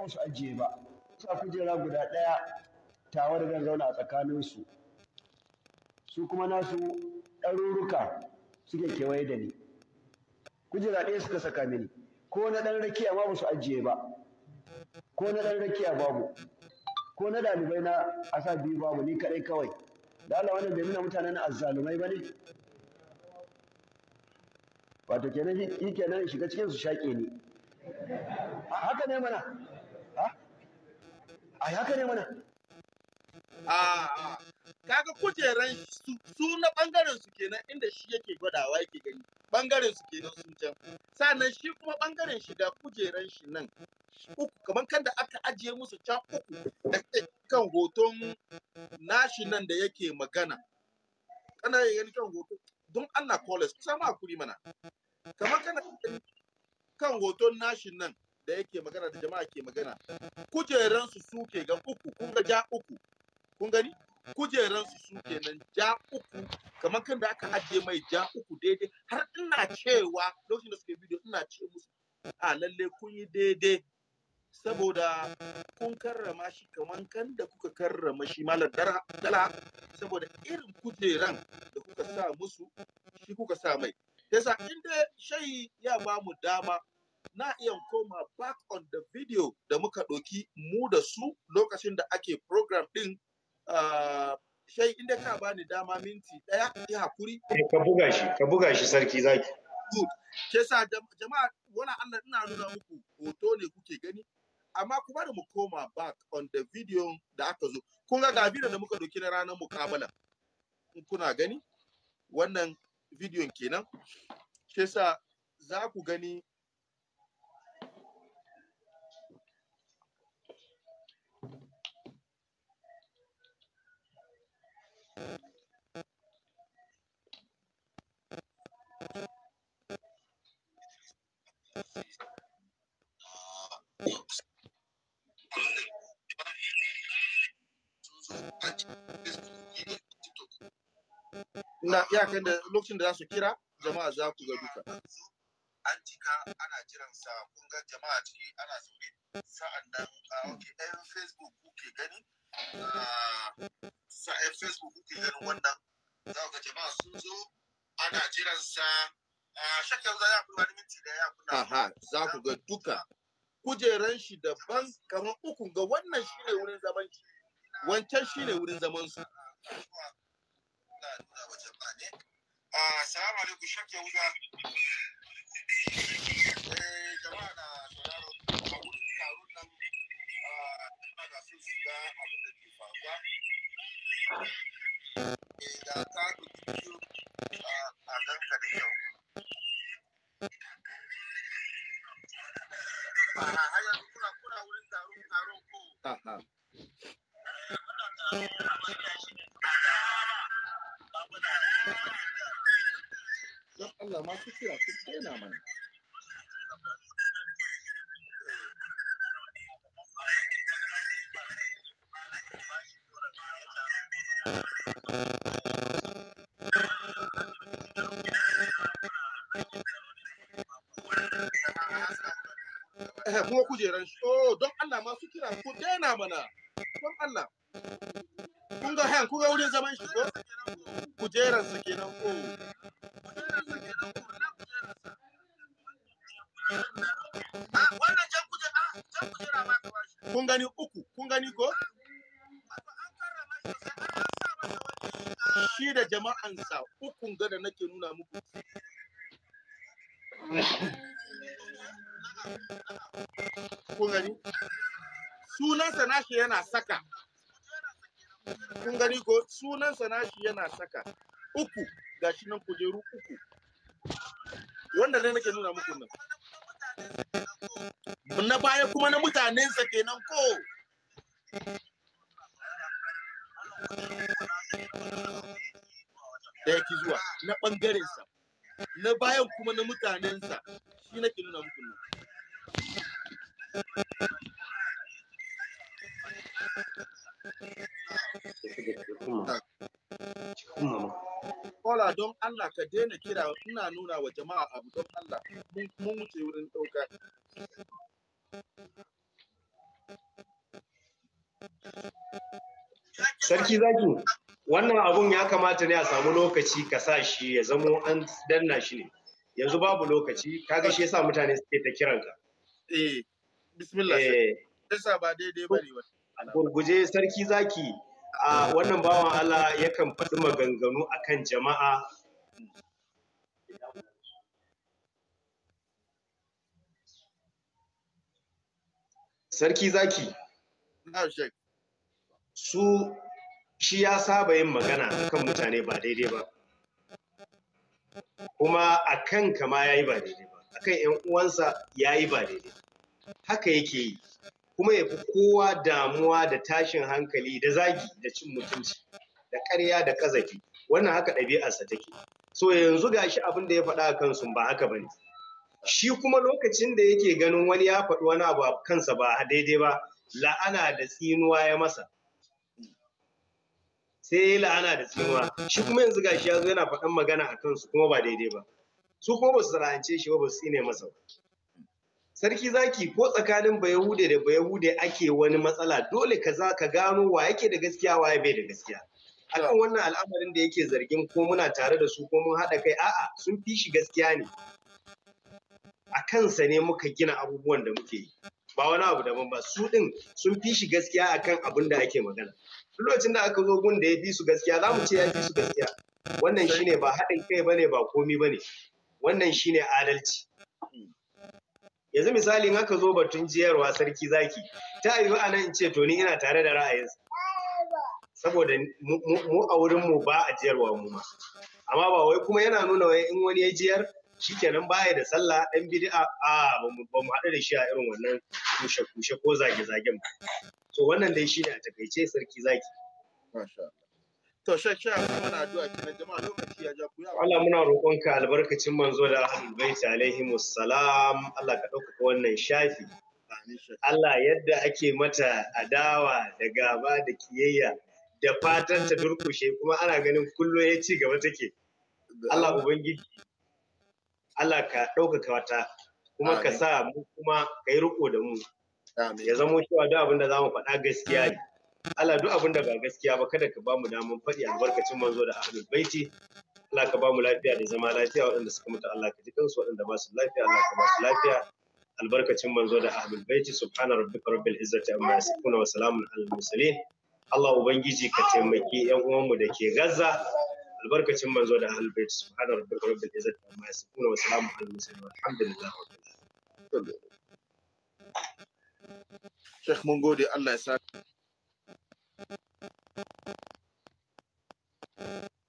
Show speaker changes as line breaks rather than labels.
ba su ajiye ba sa kujera guda ɗaya tawa da zan zauna a tsakaninsu su kuma nasu ɗaruruka suke kewaye da ni kujera ɗaya suka saka mini ko na ɗan rakiya ma ba su ajiye ba ko na ɗan rakiya babu ko na ɗalibai na a sa biyu babu ni kaɗai kawai da Allah wannan bai nuna mutanen azzalumai ba ne wato kenan shi kenan shiga cikin su shaƙe ni haka ne mana a haka ne mana a kaga kujeran su na bangaren su kenan inda shi yake gwadawa yake gani bangaren su kenan su can sannan shi kuma bangaren shi ga kujeran shi nan uku kamar kan da aka ajiye musu can uku da kan hoton nashi nan da yake magana kana gani kan hoton don Allah kolas sama kuri mana kamar kana kan hoton nashi nan da yake magana da jama'a ke magana kujeransu su ke ga uku kun ga ja uku kun gani kujeransu su nan ja uku kamar kan da aka ajiye mai ja uku daidai har ina cewa lokacin da suke bidiyo ina ce musu a lalle kun yi daidai saboda kun karrama shi kamar kan da kuka karrama shi malar dala saboda irin kujeran da kuka sa musu shi kuka sa mai yasa inda shayi ya ba mu dama na iya koma back on the video da muka ɗoki mu da su lokacin da ake program ɗin ah, shai inda ka bani dama minti ɗaya ya hakuri. Eh, ka buga shi, ka buga shi sarki zaki. Good. Ke sa jama'a wani Allah ina nuna muku hoto ne kuke gani. Amma kuma da mu koma back on the video da aka zo. Kun ga ga da muka ɗauki na ranar mukabala. In kuna gani? Wannan bidiyon kenan. Ke sa za ku gani na iyakan da lokacin da za su kira jama'a za ku ga duka an ana jiran sa kun ga jama'a ciki ana zaune sa'an nan ah, ɗayan facebook kuke gani ah, sa'an facebook kuke wannan za ku ga jama'a sun zo ana jiran sa ah, za ya kuna minti da ya kuna aha za ku ga duka kujeran shi daban kamar uku ga wannan ne wurin zaman shi wancan ne wurin zaman su ah, Assalamu alaikum eh, jama'a na sauraro a wurin taron nan ah, ina so su abin da ke faruwa eh, ah, da ta a ganka da yau don Allah eh, ma su kira su daina mana kuma kujeran shi oh don Allah ma su kira ku daina mana don Allah nan kuga wurin zaman shi ko kenan ko ah, ah, kun gani uku kun gani ko ah. shi da jama'ansa ukun gada nake nuna muku kun gani sunansa nashi yana saka kun gani ko sunan nashi yana saka uku gashi nan kujeru uku wanda ne nake nuna muku nan na baya kuma na mutanensa kenan ko da yake zuwa na ɓangarensa na bayan kuma na mutanensa shi nake nuna muku nan kola don Allah ka daina kira ina nuna wa jama'a Sarki zaki
wannan abun ya kamata ne a samu lokaci ka sa shi ya zamo an danna shi ne yanzu babu lokaci kaga shi yasa mutane suke ta kiranka eh bismillah eh yasa ba daidai bane ba. gurguje sarki zaki a wannan bawan Allah yakan faɗi maganganu a kan jama'a sarki zaki su shi ya saba yin magana kan mutane ba daidai ba kuma a kan kama ya yi ba daidai ba a kan uwansa ya yi ba daidai haka yake yi kuma ya fi kowa damuwa da tashin hankali da zagi da cin mutunci da ƙarya da ƙazafi wannan haka ɗabi'arsa take so yanzu gashi abin da ya faɗa a kansu ba haka ba ne. shi kuma lokacin da yake ganin wani ya faɗi wani abu a kansa ba daidai ba la'ana da tsinuwa ya masa sai ya la'ana da tsinuwa shi kuma yanzu gashi ya zo yana faɗan magana a kansu kuma ba daidai ba su kuma ba su shi ba ba su tsine masa ba sarki zaki ko tsakanin bayahude da bayahude ake wani matsala dole ka za ka gano wa yake da gaskiya wa bai da gaskiya akan wannan al'amarin da yake zargin ko muna tare da su ko mun haɗa kai a'a sun fi shi gaskiya ne a kansa ne muka gina abubuwan da muke yi ba wani abu daban ba su ɗin sun fi shi gaskiya akan abin da ake magana duk lokacin da aka zo gun da ya fi su gaskiya za mu ce ya fi su gaskiya wannan shine ba haɗin kai bane ba komi bane wannan shine adalci yanzu misali in aka zo batun jiyarwa, sarki zaki ta yiwu a nan ce to ni ina tare da ra'ayinsa saboda mu a wurin mu ba a jiyarwa mu ma amma ba wai kuma yana nuna wai in wani ya jiyar shikenan baya da sallah dan bid'a a ba mu haɗu da shi a irin wannan kushe kushe ko zage zagen ba To, wannan dai shine a takaice sarki zaki masha Allah To addu'a kenan jama'a lokaci ya ja ku Allah muna roƙonka albarkacin manzo da Ahlul alaihi salam Allah ka ɗaukaka wannan shafi. Allah yadda ake mata adawa da gaba da kiyayya da fatan ta durkushe kuma ana ganin kullum ya ci gaba take. Allah Ubangiji Allah ka ɗaukaka wata kuma ka sa mu kuma ka yi riƙo da mu. Ya zamo cewa duk abin da za mu faɗa gaskiya ne. Allah duk abin da ba gaskiya ba kada ka bamu daman faɗi albarkacin manzo da ahlul baiti Allah ka bamu lafiya da zama lafiya waɗanda suka mutu Allah ka ji kansu waɗanda ba su lafiya Allah ka ba su lafiya albarkacin manzo da ahlul baiti subhana rabbika rabbil izzati amma yasifuna wa salamun alal mursalin Allah ubangiji ka taimaki yan uwanmu da ke Gaza albarkacin manzo da ahlul baiti subhana rabbika rabbil izzati amma yasifuna wa salamun alal mursalin alhamdulillah Sheikh mun gode Allah ya sa Thank you.